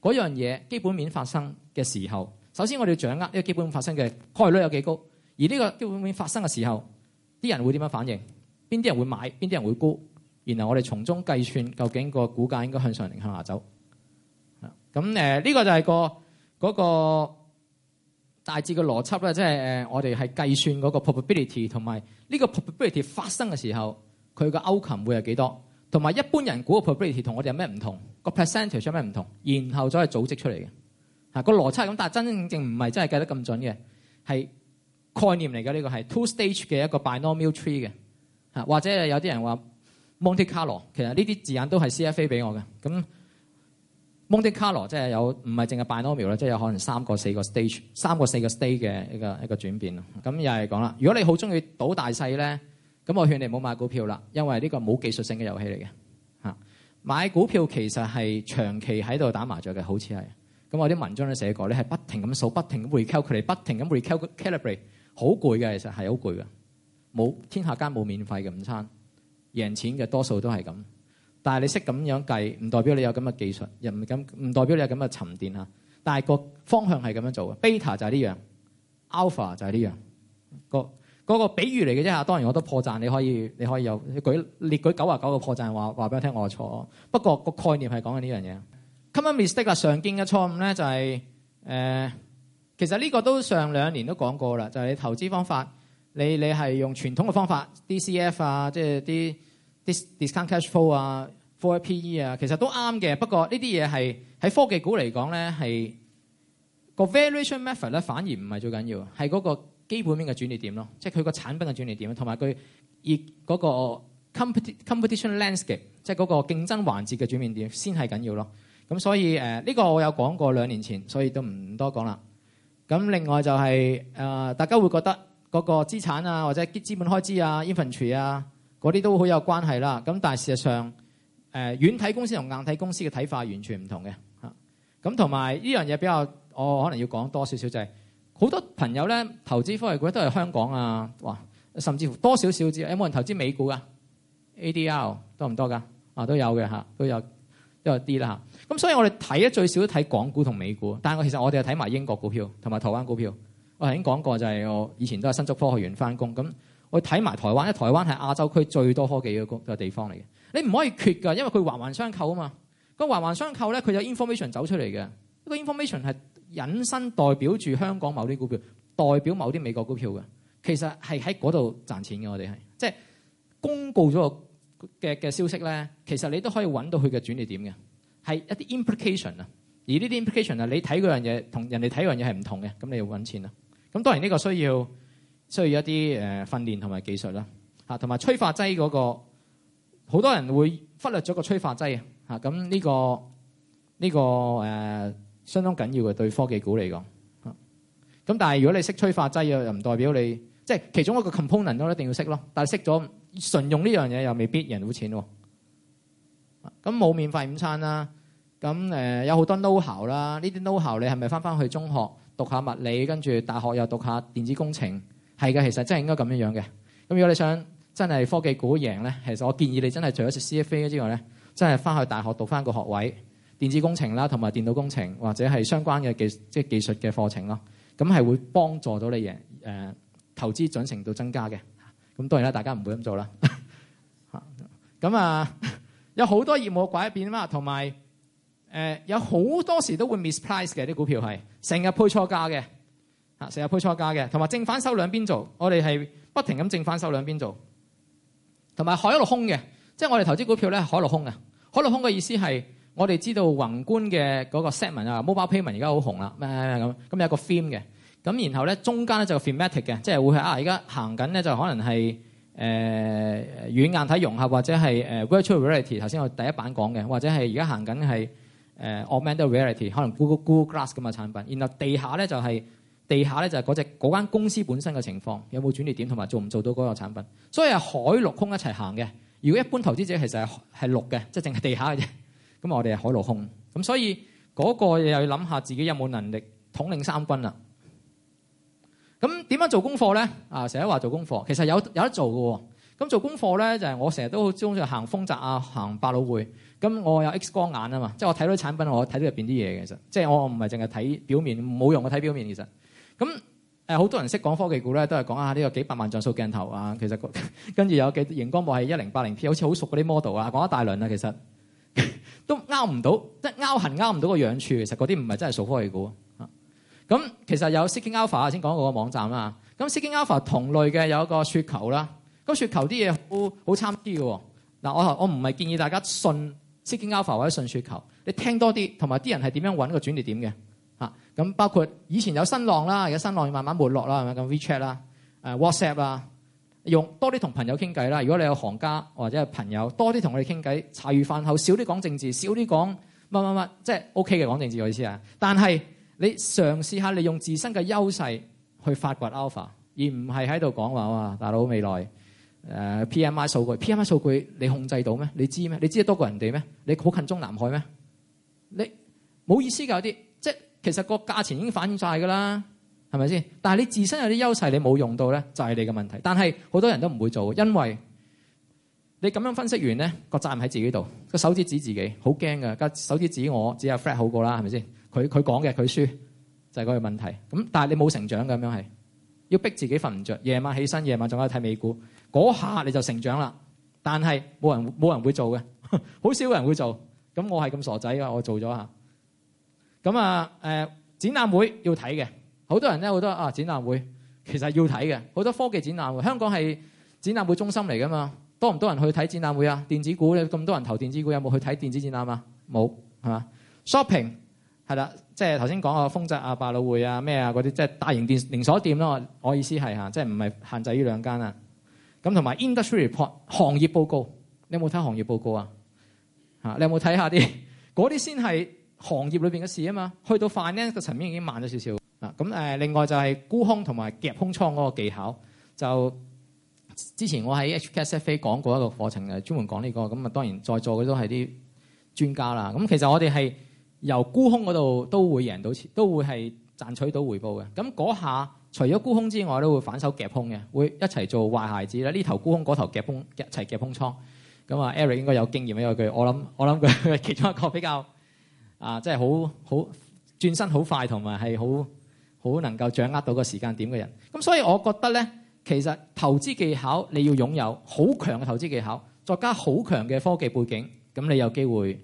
嗰樣嘢基本面發生嘅時候，首先我哋要掌握呢個基本面發生嘅概率有幾高。而呢個基本面發生嘅時候，啲人會點樣反應？邊啲人會買？邊啲人會沽？然後我哋從中計算究竟個股價應該向上定向下走。咁、嗯、誒，呢、呃呢個就係、個嗰、個、大致嘅邏輯啦。即係誒，我哋係計算嗰個 probability 同埋呢個 probability 發生嘅時候，佢嘅 outcome 會係幾多？同埋一般人估個 probability 同我哋有咩唔同？個 percentage 有咩唔同？然後再係組織出嚟嘅嚇個邏輯係咁，但係真正唔係真係計得咁準嘅，係概念嚟㗎。呢個係 two stage 嘅一個 binomial tree 嘅，或者有啲人話 Monte Carlo，其實呢啲字眼都係 CFA 俾我嘅。咁 Monte Carlo 即係有唔係淨係 binomial 啦，即係有可能三個四個 stage、三個四個 stage 嘅一個一個轉變。咁又係講啦，如果你好中意賭大細咧。咁我勸你唔好買股票啦，因為呢個冇技術性嘅遊戲嚟嘅吓。買股票其實係長期喺度打麻雀嘅，好似係。咁我啲文章都寫過，你係不停咁數，不停咁 recall 佢哋，不停咁 recall calibrate，好攰嘅，其實係好攰嘅。冇天下間冇免費嘅午餐，贏錢嘅多數都係咁。但係你識咁樣計，唔代表你有咁嘅技術，又唔咁唔代表你有咁嘅沉澱嚇。但係個方向係咁樣做嘅，beta 就係呢樣，alpha 就係呢樣，嗰、那個比喻嚟嘅啫，當然我都破綻，你可以你可以有舉列舉九啊九個破綻，話話俾我聽我係錯。不過、那個概念係講緊呢樣嘢。Common mistake 啊，常見嘅錯誤咧就係、是、誒、呃，其實呢個都上兩年都講過啦，就係、是、你投資方法，你你係用傳統嘅方法 DCF 啊，即係啲 discount cash flow 啊 forward PE 啊，其實都啱嘅。不過呢啲嘢係喺科技股嚟講咧，係、那個 valuation method 咧反而唔係最緊要，係嗰、那個。基本面嘅轉捩點咯，即係佢個產品嘅轉捩點，同埋佢而嗰個 competition landscape，即係嗰個競爭環節嘅轉捩點先係緊要咯。咁所以誒，呢、呃這個我有講過兩年前，所以都唔多講啦。咁另外就係、是、誒、呃，大家會覺得嗰個資產啊，或者資本開支啊，inventory 啊，嗰啲都好有關係啦。咁但係事實上，誒、呃、軟體公司同硬體公司嘅睇法完全唔同嘅吓。咁同埋呢樣嘢比較，我可能要講多少少就係、是。好多朋友咧，投資科技股都係香港啊，哇！甚至乎多少少知有冇人投資美股啊 ADR 多唔多噶？啊都有嘅嚇，都有都有啲啦嚇。咁所以我哋睇咧，最少都睇港股同美股，但係我其實我哋又睇埋英國股票同埋台灣股票。我已經講過就係、是、我以前都係新竹科學園翻工，咁我睇埋台灣，因為台灣係亞洲區最多科技嘅個地方嚟嘅。你唔可以缺㗎，因為佢環環相扣啊嘛。個環環相扣咧，佢有 information 走出嚟嘅，一、個、information 係。引申代表住香港某啲股票，代表某啲美國股票嘅，其實係喺嗰度賺錢嘅。我哋係即係公告咗個嘅消息咧，其實你都可以揾到佢嘅轉捩點嘅，係一啲 implication 啊。而呢啲 implication 啊，你睇嗰樣嘢同人哋睇嗰樣嘢係唔同嘅，咁你要揾錢啦。咁當然呢個需要需要一啲誒訓練同埋技術啦，嚇同埋催化劑嗰、嗰個好多人會忽略咗個催化劑啊。嚇咁呢個呢、呢個誒。呃相當緊要嘅對科技股嚟講，咁但係如果你識催化劑又唔代表你，即係其中一個 component 都一定要識咯。但係識咗純用呢樣嘢又未必贏到錢喎。咁冇免費午餐啦，咁誒有好多 know-how 啦，呢啲 know-how 你係咪翻翻去中學讀下物理，跟住大學又讀下電子工程？係嘅，其實真係應該咁樣樣嘅。咁如果你想真係科技股贏咧，其實我建議你真係除咗食 CFA 之外咧，真係翻去大學讀翻個學位。電子工程啦，同埋電腦工程或者係相關嘅技即係技術嘅課程咯。咁係會幫助到你嘅誒、呃、投資準程度增加嘅。咁當然啦，大家唔會咁做啦。嚇 咁啊，有好多業務改變啊嘛，同埋誒有好、呃、多時都會 miss price 嘅啲股票係成日配錯價嘅嚇，成、啊、日配錯價嘅同埋正反收兩邊做，我哋係不停咁正反收兩邊做，同埋海陸空嘅，即係我哋投資股票咧，海陸空啊，海陸空嘅意思係。我哋知道宏觀嘅嗰個 segment 啊，mobile payment 而家好紅啦，咁、嗯、咁、嗯嗯嗯嗯嗯嗯嗯、有個 theme 嘅咁，然後咧中間咧就 thematic 嘅，即係會係啊，而家行緊咧就可能係誒軟硬體融合，或者係誒、呃、virtual reality 頭先我第一版講嘅，或者係而家行緊係誒 augmented reality，可能 Google Google Glass 咁嘅產品。然後地下咧就係、是、地下咧就係嗰隻嗰間公司本身嘅情況有冇轉捩點，同埋做唔做到嗰個產品。所以係海陸空一齊行嘅。如果一般投資者其實係係陸嘅，即係淨係地下嘅啫。咁我哋係海陸空，咁所以嗰個又要諗下自己有冇能力統領三軍啦。咁點樣做功課咧？啊，成日話做功課，其實有有得做噶。咁做功課咧就係、是、我成日都好中意行豐澤啊，行百老匯。咁我有 X 光眼啊嘛，即係我睇到產品，我睇到入邊啲嘢。其實即係我唔係淨係睇表面，冇用我睇表面。其實咁誒，好、呃、多人識講科技股咧，都係講下呢個幾百萬像素鏡頭啊。其實,、啊、其實跟住有幾熒光幕係一零八零 P，好似好熟嗰啲 model 啊，講一大輪啊。其實。 都勾唔到，即係勾痕勾唔到個樣處，其實嗰啲唔係真係數科嚟嘅喎。咁、啊、其實有 Seeking Alpha 先講過個網站啦。咁 Seeking Alpha 同類嘅有一個雪球啦。咁雪球啲嘢好好參差嘅。嗱、啊，我我唔係建議大家信 Seeking Alpha 或者信雪球，你聽多啲，同埋啲人係點樣揾個轉折點嘅嚇。咁、啊啊、包括以前有新浪啦，而家新浪要慢慢沒落啦，係咪咁 WeChat 啦、啊，誒 WhatsApp 啦、啊。用多啲同朋友傾偈啦。如果你有行家或者係朋友，多啲同我哋傾偈，茶餘飯後少啲講政治，少啲講乜乜乜，即係 OK 嘅講政治嘅意思啊。但係你嘗試下利用自身嘅優勢去發掘 alpha，而唔係喺度講話哇，大佬未來誒、uh, PMI 數據，PMI 數據你控制到咩？你知咩？你知多過人哋咩？你好近中南海咩？你冇意思㗎，有啲即係其實個價錢已經反映晒㗎啦。係咪先？但係你自身有啲優勢，你冇用到咧，就係、是、你嘅問題。但係好多人都唔會做，因為你咁樣分析完咧，個責任喺自己度，個手指指自己，好驚㗎。個手指指我，只有 Fred 好過啦，係咪先？佢佢講嘅佢輸就係、是、嗰個問題。咁但係你冇成長，咁樣係要逼自己瞓唔着，夜晚起身，夜晚仲喺度睇美股嗰下你就成長啦。但係冇人冇人會做嘅，好少人會做。咁我係咁傻仔㗎！我做咗下。咁啊，誒、呃、展覽會要睇嘅。好多人咧，好多啊，展覽會其實要睇嘅，好多科技展覽會，香港係展覽會中心嚟噶嘛，多唔多人去睇展覽會啊？電子股，你咁多人投電子股，有冇去睇電子展覽啊？冇係嘛？Shopping 係啦，即係頭先講啊豐澤啊、百老匯啊、咩啊啲，即係、就是、大型電連鎖店咯，我意思係吓即係唔係限制呢兩間啊？咁同埋 industry report 行業報告，你有冇睇行業報告啊？吓，你有冇睇下啲啲先係行業裏邊嘅事啊？嘛，去到 Finance 嘅層面已經慢咗少少。咁另外就係沽空同埋夾空倉嗰個技巧，就之前我喺 HKS 飛講過一個課程，誒，專門講呢個。咁啊，當然在座嘅都係啲專家啦。咁其實我哋係由沽空嗰度都會贏到錢，都會係賺取到回報嘅。咁嗰下除咗沽空之外，都會反手夾空嘅，會一齊做壞孩子啦。呢頭沽空，嗰頭夾空，一齊夾空倉。咁啊，Eric 應該有經驗，因為佢我諗我諗佢其中一個比較啊，即係好好轉身好快，同埋係好。好能夠掌握到個時間點嘅人，咁所以我覺得咧，其實投資技巧你要擁有好強嘅投資技巧，再加好強嘅科技背景，咁你有機會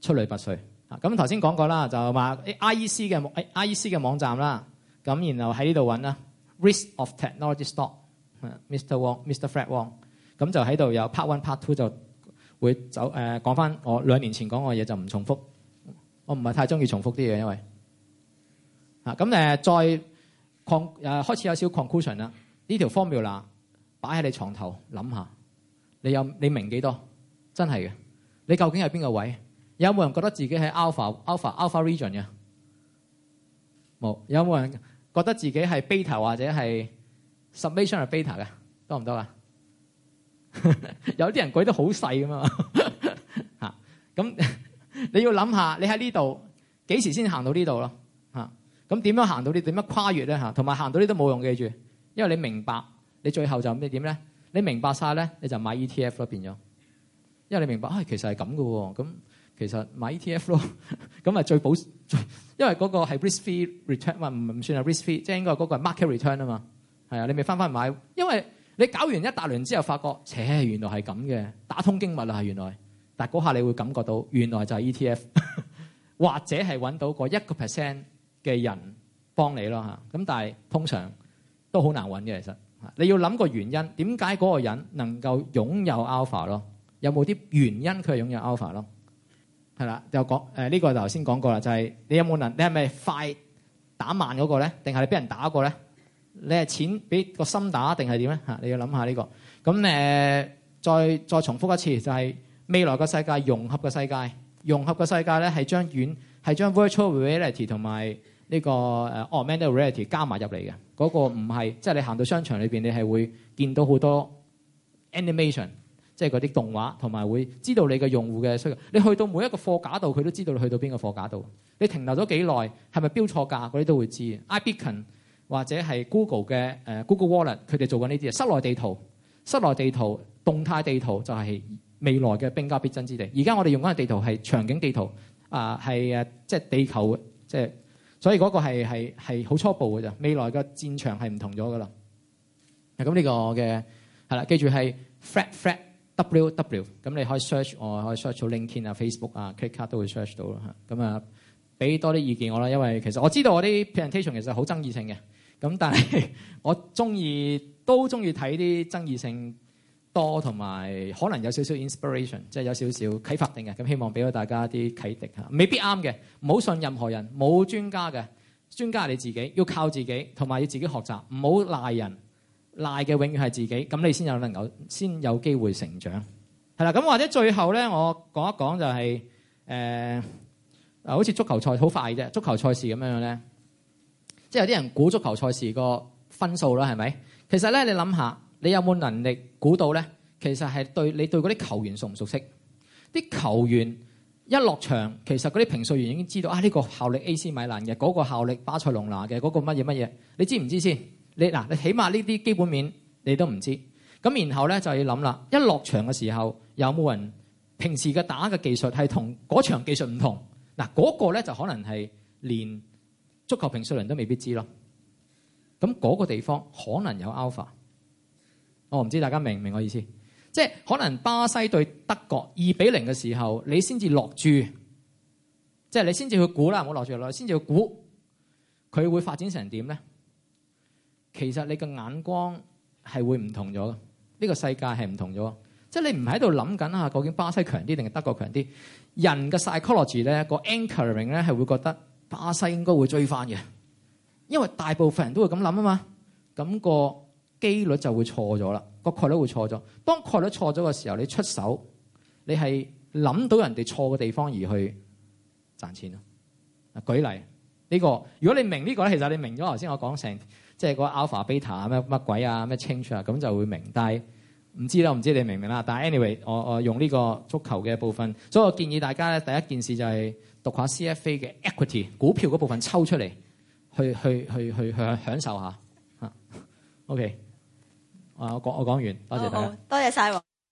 出類拔萃。啊，咁頭先講過啦，就話 IEC 嘅 IEC 嘅網站啦，咁然後喺呢度搵啦，Risk of Technology Stock，Mr Wong，Mr Fred Wong，咁就喺度有 Part One、Part Two 就會走，誒，講返我兩年前講嘅嘢，就唔重複，我唔係太鍾意重複啲嘢，因為。咁、啊、再、啊、開始有少 conclusion 啦。呢、這、條、個、formula 擺喺你床頭諗下，你有你明幾多真係嘅？你究竟係邊個位？有冇人覺得自己係 alpha alpha alpha region 嘅？冇，有冇人覺得自己係 beta 或者係 submission 係 beta 嘅？多唔多 些 啊？有啲人舉得好細㗎嘛。咁你要諗下，你喺呢度幾時先行到呢度咯？咁點樣行到呢？點樣跨越咧嚇？同埋行到呢都冇用，記住，因為你明白，你最後就咩點咧？你明白曬咧，你就買 ETF 咯，變咗。因為你明白，唉，其實係咁嘅喎。咁其實買 ETF 咯，咁啊最保守，因為嗰個係 risk-free return 嘛，唔唔算係 risk-free，即係應該嗰個係 market return 啊嘛。係啊，你未翻翻買，因為你搞完一大輪之後，發覺，切，原來係咁嘅，打通經脈啦，係原來。但係嗰下你會感覺到，原來就係 ETF，或者係揾到個一個 percent。嘅人幫你咯嚇，咁但係通常都好難揾嘅其實，你要諗個原因點解嗰個人能夠擁有 alpha 咯？有冇啲原因佢係擁有 alpha 咯？係啦，又講誒呢個頭先講過啦，就係、呃這個就是、你有冇能？你係咪快打慢嗰個咧？定係你俾人打過咧？你係錢俾個心打定係點咧？嚇你要諗下呢、這個。咁誒、呃、再再重複一次，就係、是、未來個世界融合個世界，融合個世界咧係將遠。係將 Virtual Reality 同埋呢個 Augmented Reality 加埋入嚟嘅，嗰個唔係即係你行到商場裏面，你係會見到好多 animation，即係嗰啲動畫，同埋會知道你嘅用戶嘅需要。你去到每一個貨架度，佢都知道你去到邊個貨架度。你停留咗幾耐，係咪標錯價，嗰啲都會知。I Beacon 或者係 Google 嘅 Google Wallet，佢哋做緊呢啲室內地圖、室內地圖、動態地圖，就係未來嘅兵家必爭之地。而家我哋用緊嘅地圖係場景地圖。啊，係誒，即係地球，即係，所以嗰個係係好初步嘅啫。未來嘅戰場係唔同咗㗎啦。係咁，呢個嘅係啦，記住係 flat flat W W。咁你可以 search 我，可以 search 到 LinkedIn 啊、Facebook 啊、credit card 都會 search 到啦。嚇，咁啊，俾多啲意見我啦。因為其實我知道我啲 presentation 其實好爭議性嘅，咁但係我中意都中意睇啲爭議性，多同埋可能有少少 inspiration，即係有少少啟發性嘅，咁希望俾到大家啲啟迪嚇，未必啱嘅，唔好信任何人，冇專家嘅，專家係你自己，要靠自己，同埋要自己學習，唔好賴人，賴嘅永遠係自己，咁你先有能夠，先有機會成長，係啦，咁或者最後咧，我講一講就係、是、誒、呃，好似足球賽好快啫，足球賽事咁樣咧，即係有啲人估足球賽事個分數啦，係咪？其實咧，你諗下。你有冇能力估到咧？其實係對你對嗰啲球員熟唔熟悉？啲球員一落場，其實嗰啲評述員已經知道啊。呢個效力 AC 米蘭嘅，嗰個效力巴塞隆拿嘅，嗰個乜嘢乜嘢？你知唔知先？你嗱，你起碼呢啲基本面你都唔知。咁然後咧就要諗啦，一落場嘅時候有冇人平時嘅打嘅技術係同嗰場技術唔同嗱？嗰個咧就可能係連足球評述人都未必知咯。咁嗰個地方可能有 alpha。我、哦、唔知大家明唔明我意思，即係可能巴西對德國二比零嘅時候，你先至落注，即、就、係、是、你先至去估啦，唔好落注落，先至去估佢會發展成點咧。其實你嘅眼光係會唔同咗嘅，呢、這個世界係唔同咗。即係你唔喺度諗緊啊，究竟巴西強啲定係德國強啲？人嘅 psychology 咧，個 anchoring 咧係會覺得巴西應該會追翻嘅，因為大部分人都會咁諗啊嘛。咁、那個。機率就會錯咗啦，個概率會錯咗。當概率錯咗嘅時候，你出手，你係諗到人哋錯嘅地方而去賺錢咯。啊，舉例呢個，如果你明呢個咧，其實你明咗頭先我講成即係個 alpha beta 咩乜鬼啊咩 change 啊，咁就會明。低，唔知啦，唔知你明唔明啦。但係 anyway，我我用呢個足球嘅部分，所以我建議大家咧，第一件事就係讀下 CFA 嘅 equity 股票嗰部分抽出嚟，去去去去，去享受下 OK。啊！我講，我講完，多謝大家，多，多謝晒。